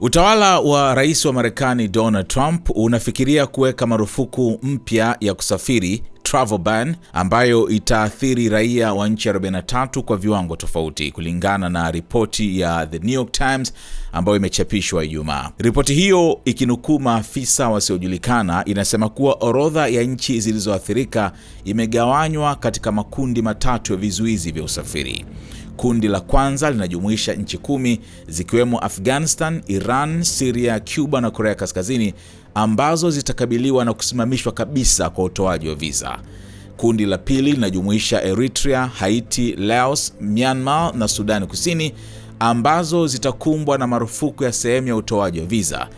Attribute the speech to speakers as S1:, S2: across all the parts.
S1: Utawala wa rais wa Marekani Donald Trump unafikiria kuweka marufuku mpya ya kusafiri travel ban ambayo itaathiri raia wa nchi 43 kwa viwango tofauti, kulingana na ripoti ya The New York Times ambayo imechapishwa Ijumaa. Ripoti hiyo ikinukuu maafisa wasiojulikana inasema kuwa orodha ya nchi zilizoathirika imegawanywa katika makundi matatu ya vizuizi vya usafiri. Kundi la kwanza linajumuisha nchi kumi zikiwemo Afghanistan, Iran, Siria, Cuba na Korea Kaskazini ambazo zitakabiliwa na kusimamishwa kabisa kwa utoaji wa visa. Kundi la pili linajumuisha Eritrea, Haiti, Laos, Myanmar na Sudani Kusini ambazo zitakumbwa na marufuku ya sehemu ya utoaji wa visa.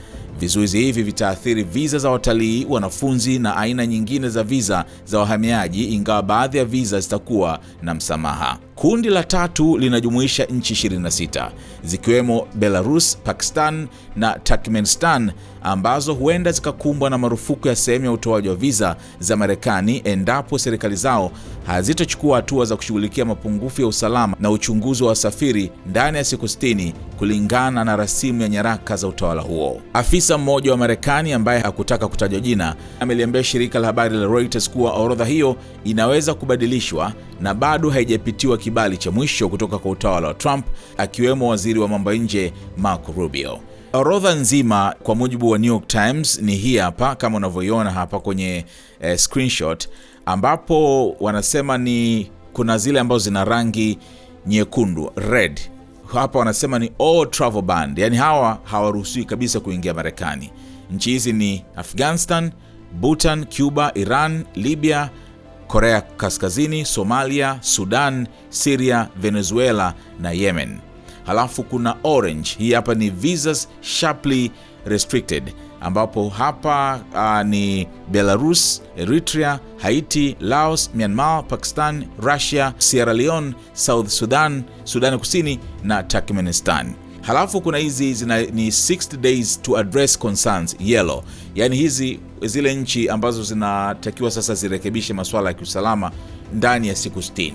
S1: Vizuizi hivi vitaathiri viza za watalii, wanafunzi na aina nyingine za viza za wahamiaji, ingawa baadhi ya viza zitakuwa na msamaha. Kundi la tatu linajumuisha nchi 26 zikiwemo Belarus, Pakistan na Turkmenistan ambazo huenda zikakumbwa na marufuku ya sehemu ya utoaji wa viza za Marekani endapo serikali zao hazitochukua hatua za kushughulikia mapungufu ya usalama na uchunguzi wa wasafiri ndani ya siku kulingana na rasimu ya nyaraka za utawala huo. Afisa mmoja wa Marekani ambaye hakutaka kutajwa jina ameliambia shirika la habari la Reuters kuwa orodha hiyo inaweza kubadilishwa na bado haijapitiwa kibali cha mwisho kutoka kwa utawala wa Trump, akiwemo waziri wa mambo ya nje Marco Rubio. Orodha nzima kwa mujibu wa New York Times ni hii hapa kama unavyoiona hapa kwenye eh, screenshot ambapo wanasema ni kuna zile ambazo zina rangi nyekundu red hapa wanasema ni all travel band, yani hawa hawaruhusiwi kabisa kuingia Marekani. Nchi hizi ni Afghanistan, Bhutan, Cuba, Iran, Libya, Korea Kaskazini, Somalia, Sudan, siria Venezuela na Yemen. Halafu kuna orange, hii hapa ni visas sharply restricted ambapo hapa uh, ni Belarus, Eritrea, Haiti, Laos, Myanmar, Pakistan, Russia, Sierra Leone, South Sudan, Sudani Kusini na Turkmenistan. Halafu kuna hizi zina ni 60 days to address concerns yellow, yaani hizi zile nchi ambazo zinatakiwa sasa zirekebishe masuala ya kiusalama ndani ya siku 60,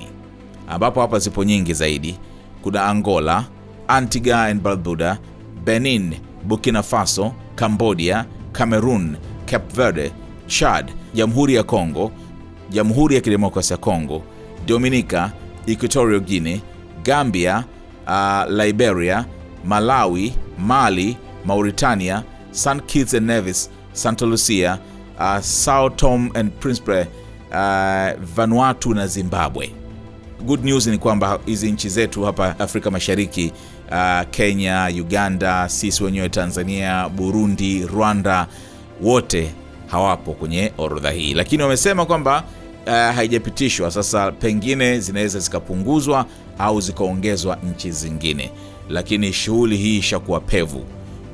S1: ambapo hapa zipo nyingi zaidi. Kuna Angola, Antigua and Barbuda, Benin Burkina Faso, Cambodia, Cameroon, Cape Verde, Chad, Jamhuri ya Kongo, Jamhuri ya Kidemokrasia ya Kongo, Dominica, Equatorial Guinea, Gambia, uh, Liberia, Malawi, Mali, Mauritania, St Kitts and Nevis, Santa Lucia, uh, Sao Tome and Principe, uh, Vanuatu na Zimbabwe. Good news ni kwamba hizi nchi zetu hapa Afrika Mashariki uh, Kenya, Uganda, sisi wenyewe Tanzania, Burundi, Rwanda, wote hawapo kwenye orodha hii, lakini wamesema kwamba uh, haijapitishwa. Sasa pengine zinaweza zikapunguzwa au zikaongezwa nchi zingine, lakini shughuli hii ishakuwa pevu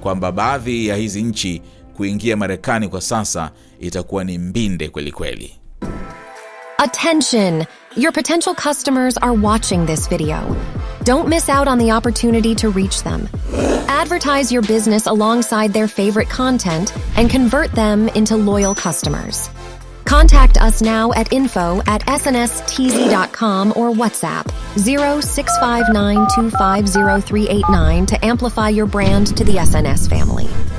S1: kwamba baadhi ya hizi nchi kuingia Marekani kwa sasa itakuwa ni mbinde kweli kweli.
S2: Attention, your potential customers are watching this video. Don't miss out on the opportunity to reach them. Advertise your business alongside their favorite content and convert them into loyal customers. Contact us now at info at snstz.com or WhatsApp 0659250389 to amplify your brand to the SNS family.